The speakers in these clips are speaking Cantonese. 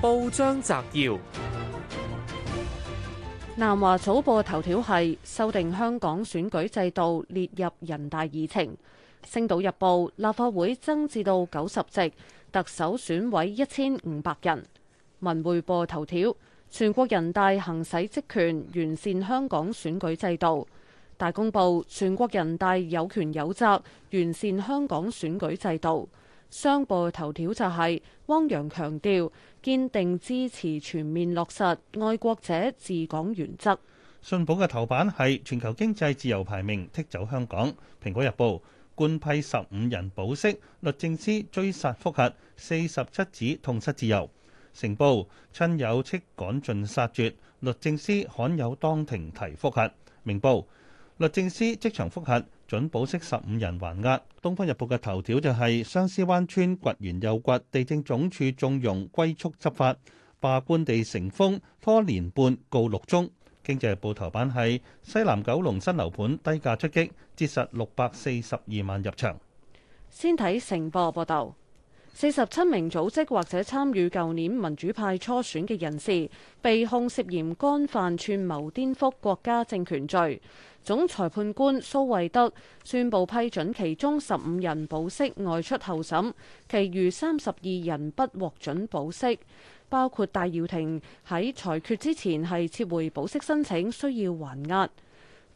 報章摘要：南華早報頭條係修訂香港選舉制度列入人大議程；星島日報立法會增至到九十席，特首選委一千五百人；文匯報頭條全國人大行使職權完善香港選舉制度；大公報全國人大有權有責完善香港選舉制度。商報頭條就係汪洋強調堅定支持全面落實愛國者治港原則。信報嘅頭版係全球經濟自由排名剔走香港。蘋果日報官批十五人保釋，律政司追殺覆核，四十七子痛失自由。成報親友斥趕盡殺絕，律政司罕有當庭提覆核。明報律政司即場覆核。准保釋十五人還押。《東方日報》嘅頭條就係、是：雙絲灣村掘完又掘，地政總署縱容龜縮執法，霸官地成風，拖年半告六宗。《經濟日報》頭版係西南九龍新樓盤低價出擊，折實六百四十二萬入場。先睇成報報導，四十七名組織或者參與舊年民主派初選嘅人士，被控涉嫌干犯串謀顛覆國家政權罪。總裁判官蘇慧德宣佈批准其中十五人保釋外出候審，其餘三十二人不獲准保釋，包括戴耀廷，喺裁決之前係撤回保釋申請，需要還押。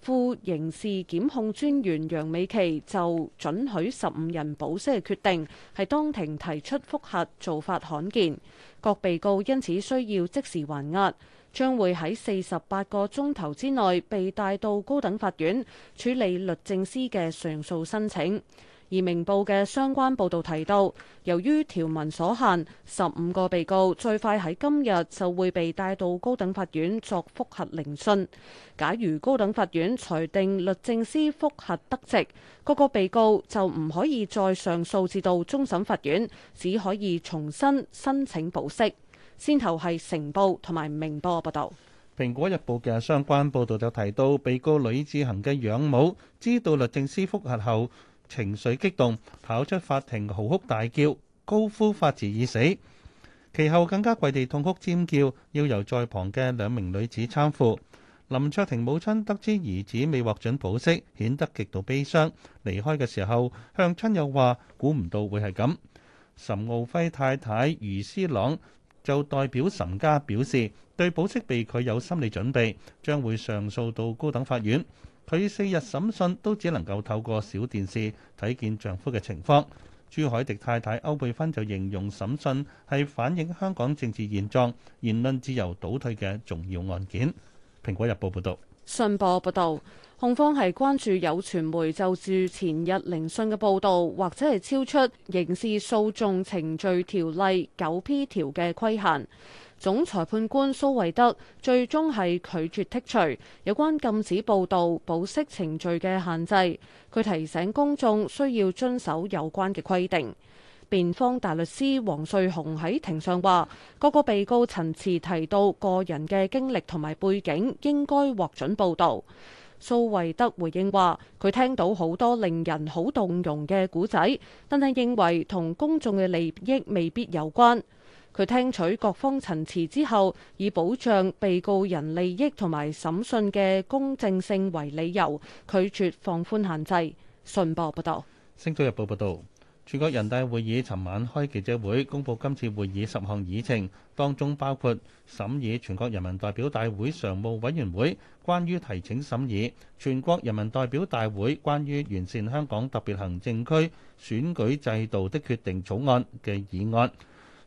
副刑事檢控專員楊美琪就准許十五人保釋嘅決定係當庭提出覆核做法罕見，各被告因此需要即時還押。將會喺四十八個鐘頭之內被帶到高等法院處理律政司嘅上訴申請。而明報嘅相關報導提到，由於條文所限，十五個被告最快喺今日就會被帶到高等法院作覆核聆訊。假如高等法院裁定律政司覆核得席，各個被告就唔可以再上訴至到終審法院，只可以重新申，申請保釋。先頭係成報同埋明報報道，《蘋果日報》嘅相關報道就提到，被告呂志恒嘅養母知道律政司覆核後，情緒激動，跑出法庭嚎哭大叫，高呼「法治」已死。其後更加跪地痛哭尖叫，要由在旁嘅兩名女子攙扶。林卓廷母親得知兒子未獲准保釋，顯得極度悲傷。離開嘅時候，向親友話：估唔到會係咁。岑敖暉太太余思朗。就代表岑家表示，對保釋被拒有心理準備，將會上訴到高等法院。佢四日審訊都只能夠透過小電視睇見丈夫嘅情況，朱凱迪太太歐佩芬就形容審訊係反映香港政治現狀、言論自由倒退嘅重要案件。《蘋果日報》報道。信報報道，控方係關注有傳媒就住前日聆訊嘅報導，或者係超出刑事訴訟程序條例九 P 條嘅規限。總裁判官蘇惠德最終係拒絕剔除有關禁止報導保釋程序嘅限制。佢提醒公眾需要遵守有關嘅規定。辯方大律師黃瑞雄喺庭上話：各個被告陳詞提到個人嘅經歷同埋背景，應該獲准報道。蘇惠德回應話：佢聽到好多令人好動容嘅故仔，但係認為同公眾嘅利益未必有關。佢聽取各方陳詞之後，以保障被告人利益同埋審訊嘅公正性為理由，拒絕放寬限制。信報報道，《星島日報》報道。全國人大會議尋晚開記者會，公佈今次會議十項議程，當中包括審議全國人民代表大會常務委員會關於提請審議全國人民代表大會關於完善香港特別行政區選舉制度的決定草案嘅議案。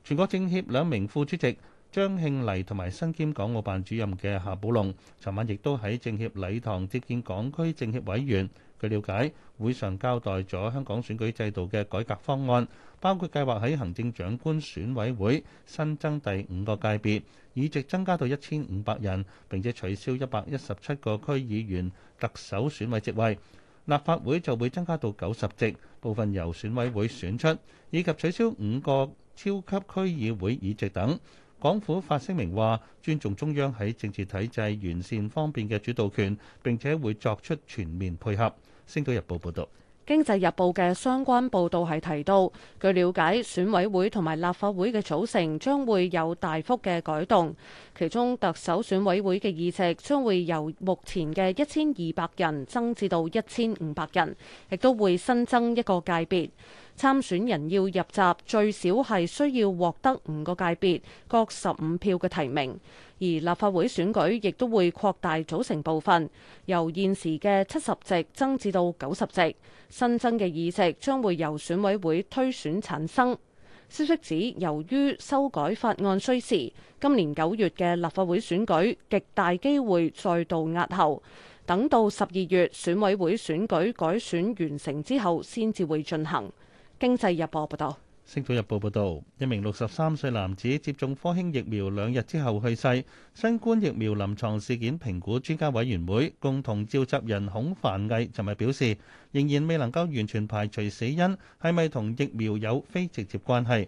全國政協兩名副主席張慶黎同埋身兼港澳辦主任嘅夏寶龍，尋晚亦都喺政協禮堂接見港區政協委員。據了解，會上交代咗香港選舉制度嘅改革方案，包括計劃喺行政長官選委會新增第五個界別，議席增加到一千五百人，並且取消一百一十七個區議員特首選委席位。立法會就會增加到九十席，部分由選委會選出，以及取消五個超級區議會議席等。港府發聲明話，尊重中央喺政治體制完善方面嘅主導權，並且會作出全面配合。星島日報報導，經濟日報嘅相關報導係提到，據了解，選委會同埋立法會嘅組成將會有大幅嘅改動，其中特首選委會嘅議席將會由目前嘅一千二百人增至到一千五百人，亦都會新增一個界別。參選人要入閘，最少係需要獲得五個界別各十五票嘅提名。而立法會選舉亦都會擴大組成部分，由現時嘅七十席增至到九十席。新增嘅議席將會由選委會推選產生。消息指，由於修改法案需時，今年九月嘅立法會選舉極大機會再度押後，等到十二月選委會選舉改選完成之後，先至會進行。經濟日報報導，星島日報報道，一名六十三歲男子接種科興疫苗兩日之後去世。新冠疫苗臨床事件評估專家委員會共同召集人孔凡毅尋日表示，仍然未能夠完全排除死因，係咪同疫苗有非直接關係？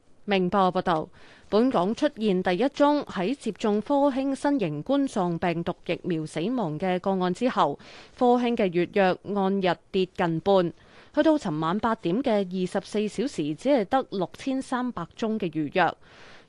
明報報道，本港出現第一宗喺接種科興新型冠狀病毒疫苗死亡嘅個案之後，科興嘅預約按日跌近半，去到尋晚八點嘅二十四小時只係得六千三百宗嘅預約，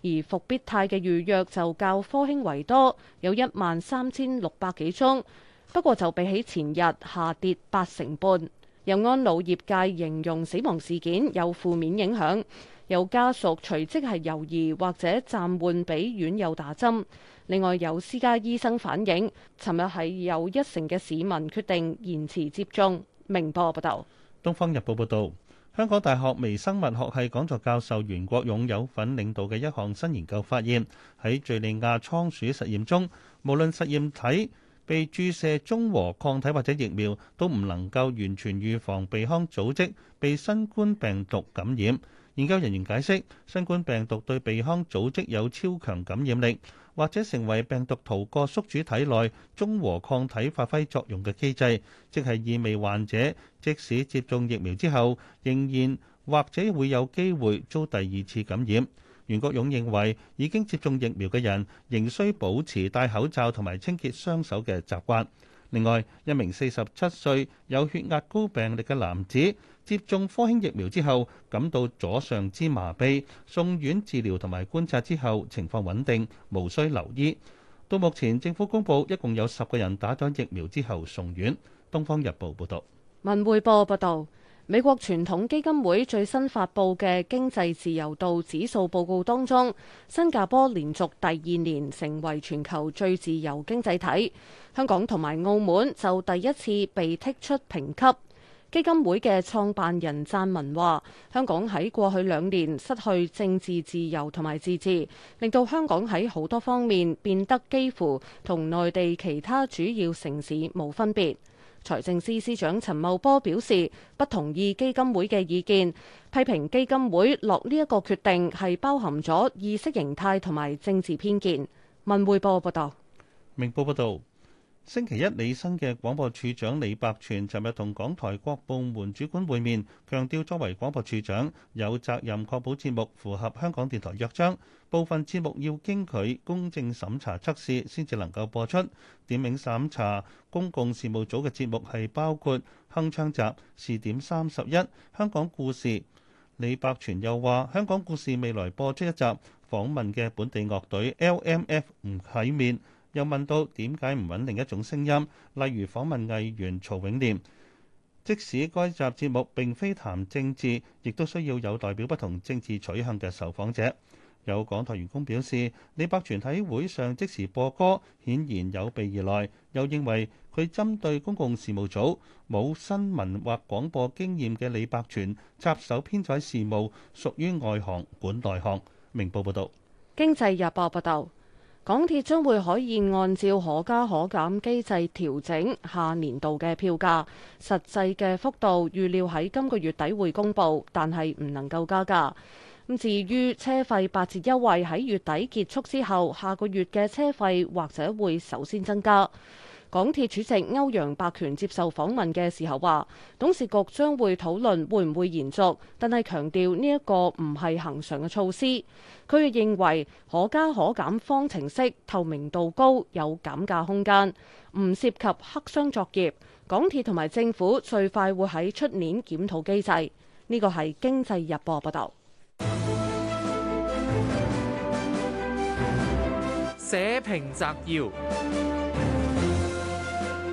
而復必泰嘅預約就較科興為多，有一萬三千六百幾宗。不過就比起前日下跌八成半，又安老業界形容死亡事件有負面影響。有家屬隨即係猶豫，或者暫緩俾院友打針。另外，有私家醫生反映，尋日係有一成嘅市民決定延遲接種。明報報道，《東方日報》報道，香港大學微生物學系講座教授袁國勇有份領導嘅一項新研究發現，喺敍利亞倉鼠實驗中，無論實驗體被注射中和抗體或者疫苗，都唔能夠完全預防鼻腔組織被新冠病毒感染。研究人員解釋，新冠病毒對鼻腔組織有超強感染力，或者成為病毒逃過宿主體內中和抗體發揮作用嘅機制，即係意味患者即使接種疫苗之後，仍然或者會有機會遭第二次感染。袁國勇認為，已經接種疫苗嘅人仍需保持戴口罩同埋清潔雙手嘅習慣。另外，一名四十七歲有血壓高病歷嘅男子接種科興疫苗之後，感到左上肢麻痹，送院治療同埋觀察之後，情況穩定，無需留醫。到目前，政府公布一共有十個人打咗疫苗之後送院。《東方日報》報道。文匯報報導。美國傳統基金會最新發布嘅經濟自由度指數報告當中，新加坡連續第二年成為全球最自由經濟體，香港同埋澳門就第一次被剔出評級。基金會嘅創辦人贊文話，香港喺過去兩年失去政治自由同埋自治，令到香港喺好多方面變得幾乎同內地其他主要城市冇分別。財政司司長陳茂波表示不同意基金會嘅意見，批評基金會落呢一個決定係包含咗意識形態同埋政治偏見。文匯報報道，明報報道。星期一，李生嘅廣播處長李百全尋日同港台各部門主管會面，強調作為廣播處長，有責任確保節目符合香港電台約章，部分節目要經佢公正審查測試先至能夠播出。點名審查公共事務組嘅節目係包括《鏗鏘集》、視點三十一、《香港故事》。李百全又話：香港故事未來播出一集訪問嘅本地樂隊 L M F 唔起面。又問到點解唔揾另一種聲音，例如訪問藝員曹永廉。即使該集節目並非談政治，亦都需要有代表不同政治取向嘅受訪者。有港台員工表示，李百全喺會上即時播歌，顯然有備而來。又認為佢針對公共事務組冇新聞或廣播經驗嘅李百全插手編採事務，屬於外行管內行。明報報導，經濟日報報導。港鐵將會可以按照可加可減機制調整下年度嘅票價，實際嘅幅度預料喺今個月底會公佈，但係唔能夠加價。咁至於車費八折優惠喺月底結束之後，下個月嘅車費或者會首先增加。港鐵主席歐陽百權接受訪問嘅時候話，董事局將會討論會唔會延續，但係強調呢一個唔係恆常嘅措施。佢亦認為可加可減方程式透明度高，有減價空間，唔涉及黑箱作業。港鐵同埋政府最快會喺出年檢討機制。呢個係經濟日報報道。社評摘要。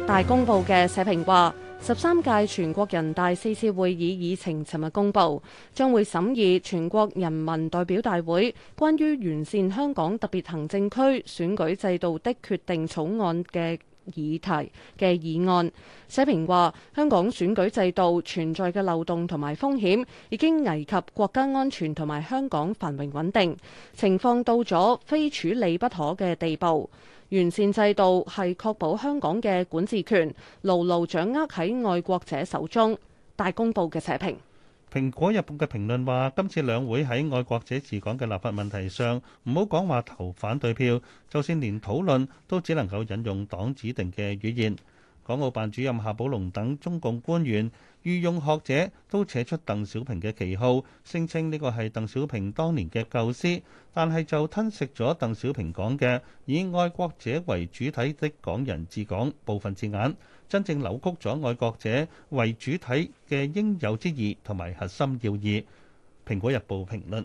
大公報嘅社評話，十三屆全國人大四次會議議程尋日公布，將會審議全國人民代表大會關於完善香港特別行政區選舉制度的決定草案嘅。議題嘅議案，社評話香港選舉制度存在嘅漏洞同埋風險，已經危及國家安全同埋香港繁榮穩定，情況到咗非處理不可嘅地步。完善制度係確保香港嘅管治權牢牢掌握喺愛國者手中。大公報嘅社評。《蘋果日報》嘅評論話：今次兩會喺愛國者治港嘅立法問題上，唔好講話投反對票，就算連討論都只能夠引用黨指定嘅語言。港澳辦主任夏寶龍等中共官員、御用學者都扯出鄧小平嘅旗號，聲稱呢個係鄧小平當年嘅舊思，但係就吞食咗鄧小平講嘅以愛國者為主體的港人治港部分字眼。真正扭曲咗愛國者為主體嘅應有之義同埋核心要義。蘋果日報評論，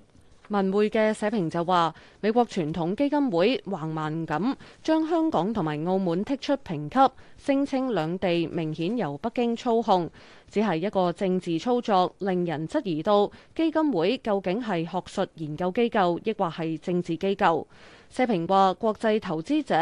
文匯嘅社評就話：美國傳統基金會橫蠻咁將香港同埋澳門剔出評級，聲稱兩地明顯由北京操控，只係一個政治操作，令人質疑到基金會究竟係學術研究機構，亦或係政治機構。社評話：國際投資者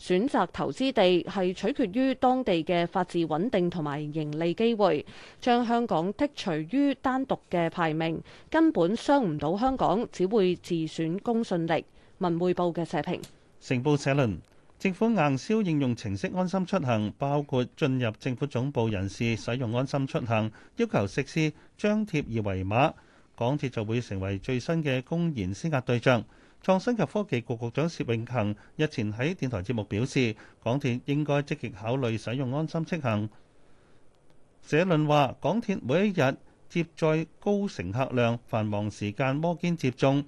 選擇投資地係取決於當地嘅法治穩定同埋盈利機會，將香港剔除於單獨嘅排名，根本傷唔到香港，只會自損公信力。文匯報嘅社評，城報社論，政府硬銷應用程式安心出行，包括進入政府總部人士使用安心出行，要求食肆張貼二維碼，港鐵就會成為最新嘅公然施壓對象。創新及科技局局長薛永恒日前喺電台節目表示，港鐵應該積極考慮使用安心出行。社論話，港鐵每一日接載高乘客量、繁忙時間摩肩接踵，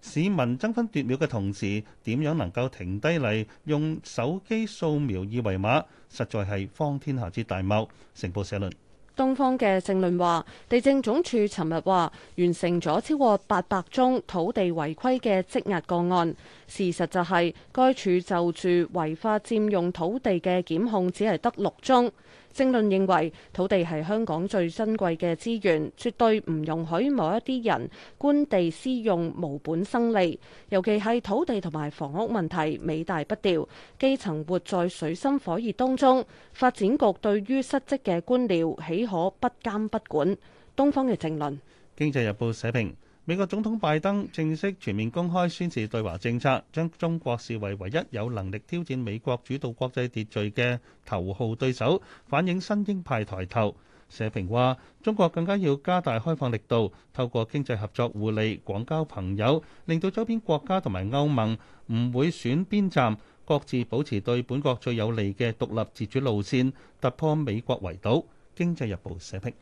市民爭分奪秒嘅同時，點樣能夠停低嚟用手機掃描二維碼，實在係荒天下之大謬。成報社論。東方嘅正論話，地政總署尋日話完成咗超過八百宗土地違規嘅積壓個案。事實就係、是、該處就住違法佔用土地嘅檢控，只係得六宗。政論認為土地係香港最珍貴嘅資源，絕對唔容許某一啲人官地私用、無本生利。尤其係土地同埋房屋問題尾大不掉，基層活在水深火熱當中。發展局對於失職嘅官僚，豈可不監不管？東方嘅政論，《經濟日報》社評。美國總統拜登正式全面公開宣示對華政策，將中國視為唯一有能力挑戰美國主導國際秩序嘅頭號對手，反映新英派抬頭。社評話：中國更加要加大開放力度，透過經濟合作互利、廣交朋友，令到周邊國家同埋歐盟唔會選邊站，各自保持對本國最有利嘅獨立自主路線，突破美國圍堵。經濟日報社評。